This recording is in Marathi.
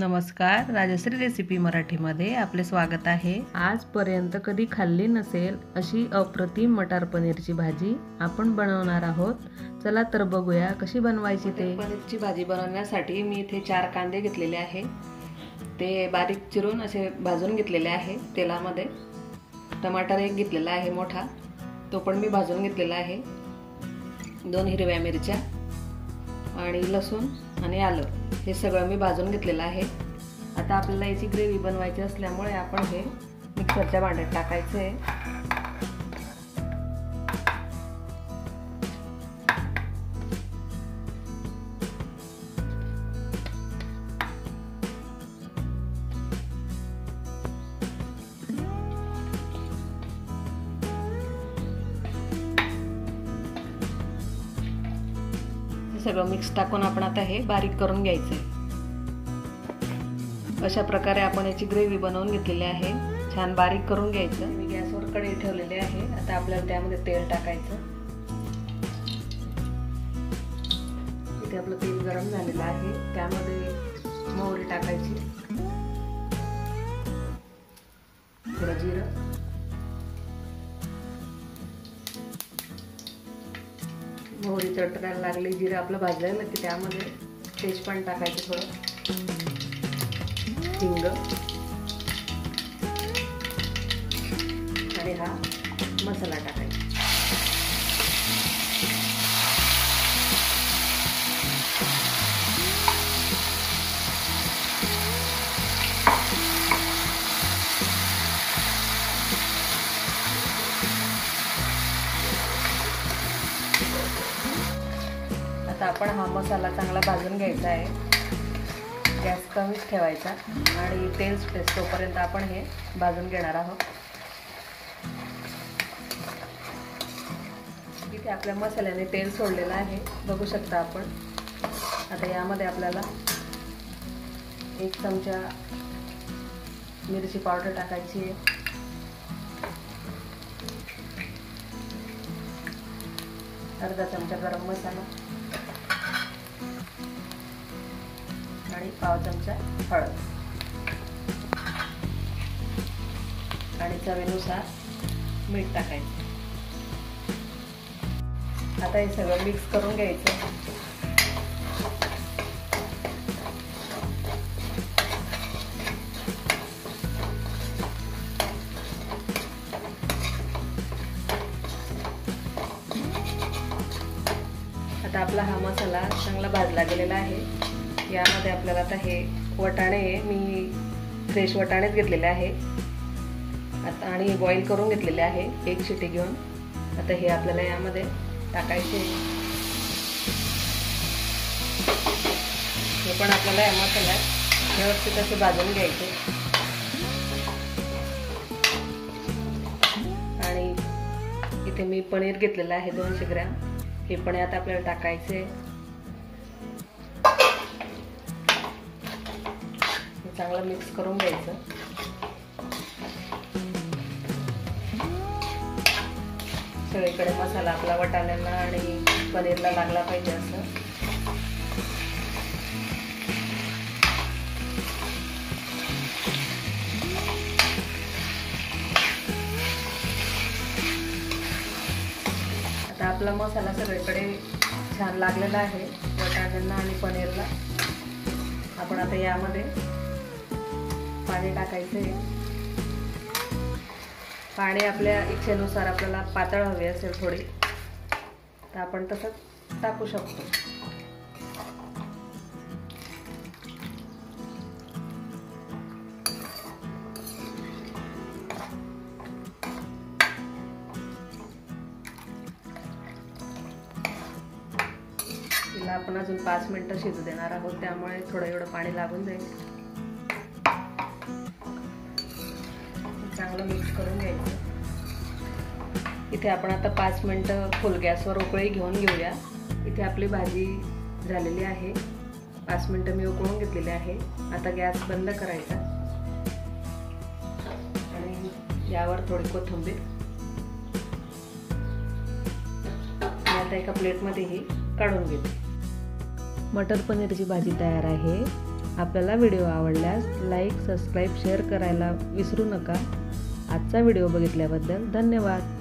नमस्कार राजश्री रेसिपी मराठीमध्ये आपले स्वागत आहे आजपर्यंत कधी खाल्ली नसेल अशी अप्रतिम मटार पनीरची भाजी आपण बनवणार आहोत चला तर बघूया कशी बनवायची ते पनीरची भाजी बनवण्यासाठी मी इथे चार कांदे घेतलेले आहे ते बारीक चिरून असे भाजून घेतलेले आहे तेलामध्ये टमाटर एक घेतलेला आहे मोठा तो पण मी भाजून घेतलेला आहे दोन हिरव्या मिरच्या आणि लसूण आणि आलं हे सगळं मी भाजून घेतलेलं आहे आता आपल्याला याची ग्रेव्ही बनवायची असल्यामुळे आपण हे मिक्सरच्या भांड्यात टाकायचं आहे सगळं मिक्स टाकून आपण आता हे बारीक करून घ्यायचं आहे अशा प्रकारे आपण याची ग्रेव्ही बनवून घेतलेली आहे छान बारीक करून घ्यायचं मी गॅसवर कढई ठेवलेली आहे आता आपल्याला त्यामध्ये तेल टाकायचं इथे आपलं तेल गरम झालेलं आहे त्यामध्ये मोहरी टाकायची चटकायला लागली जिरं आपलं भाजलं की त्यामध्ये पण टाकायचं थोडं हिंग आणि हा मसाला टाकायचा आता आपण हा मसाला चांगला भाजून घ्यायचा आहे गॅस कमीच ठेवायचा आणि तेल स्पेस तोपर्यंत आपण हे भाजून घेणार आहोत इथे आपल्या मसाल्याने तेल सोडलेलं आहे बघू शकता आपण आता यामध्ये आपल्याला एक चमचा मिरची पावडर टाकायची आहे अर्धा चमचा गरम मसाला आणि पाव चमचा हळद आणि चवीनुसार मीठ टाकायचं आता हे सगळं मिक्स करून घ्यायचं आता आपला हा मसाला चांगला भाजला गेलेला आहे यामध्ये आपल्याला आता हे वटाणे मी फ्रेश वटाणेच घेतलेले आहे आता आणि बॉईल करून घेतलेले आहे एक शिटी घेऊन आता हे आपल्याला यामध्ये टाकायचे हे पण आपल्याला यामध्ये मसाल्यात व्यवस्थित असे भाजून घ्यायचे आणि इथे मी पनीर घेतलेलं आहे दोनशे ग्रॅम हे पण यात आपल्याला टाकायचे चांगलं मिक्स करून घ्यायचं सगळीकडे मसाला आपला वटाण्यांना आणि पनीरला लागला पाहिजे असं आता आपला मसाला सगळीकडे छान लागलेला आहे वटाण्यांना आणि पनीरला आपण आता यामध्ये पाणी टाकायचं आहे पाणी आपल्या इच्छेनुसार आपल्याला पातळ हवे असेल थोडी तर आपण तसंच टाकू शकतो तिला आपण अजून पाच मिनिटं शिजू देणार आहोत त्यामुळे थोडं एवढं पाणी लागून जाईल चांगलं मिक्स करून घ्यायचं इथे आपण आता पाच मिनटं फुल गॅसवर उकळी घेऊन घेऊया इथे आपली भाजी झालेली आहे पाच मिनटं मी उकळून घेतलेली आहे आता गॅस बंद करायचा आणि यावर थोडी कोथिंबीर मी आता एका प्लेटमध्येही ही काढून घेते मटर पनीरची भाजी तयार आहे आपल्याला व्हिडिओ आवडल्यास लाईक सबस्क्राईब शेअर करायला विसरू नका आजचा व्हिडिओ बघितल्याबद्दल धन्यवाद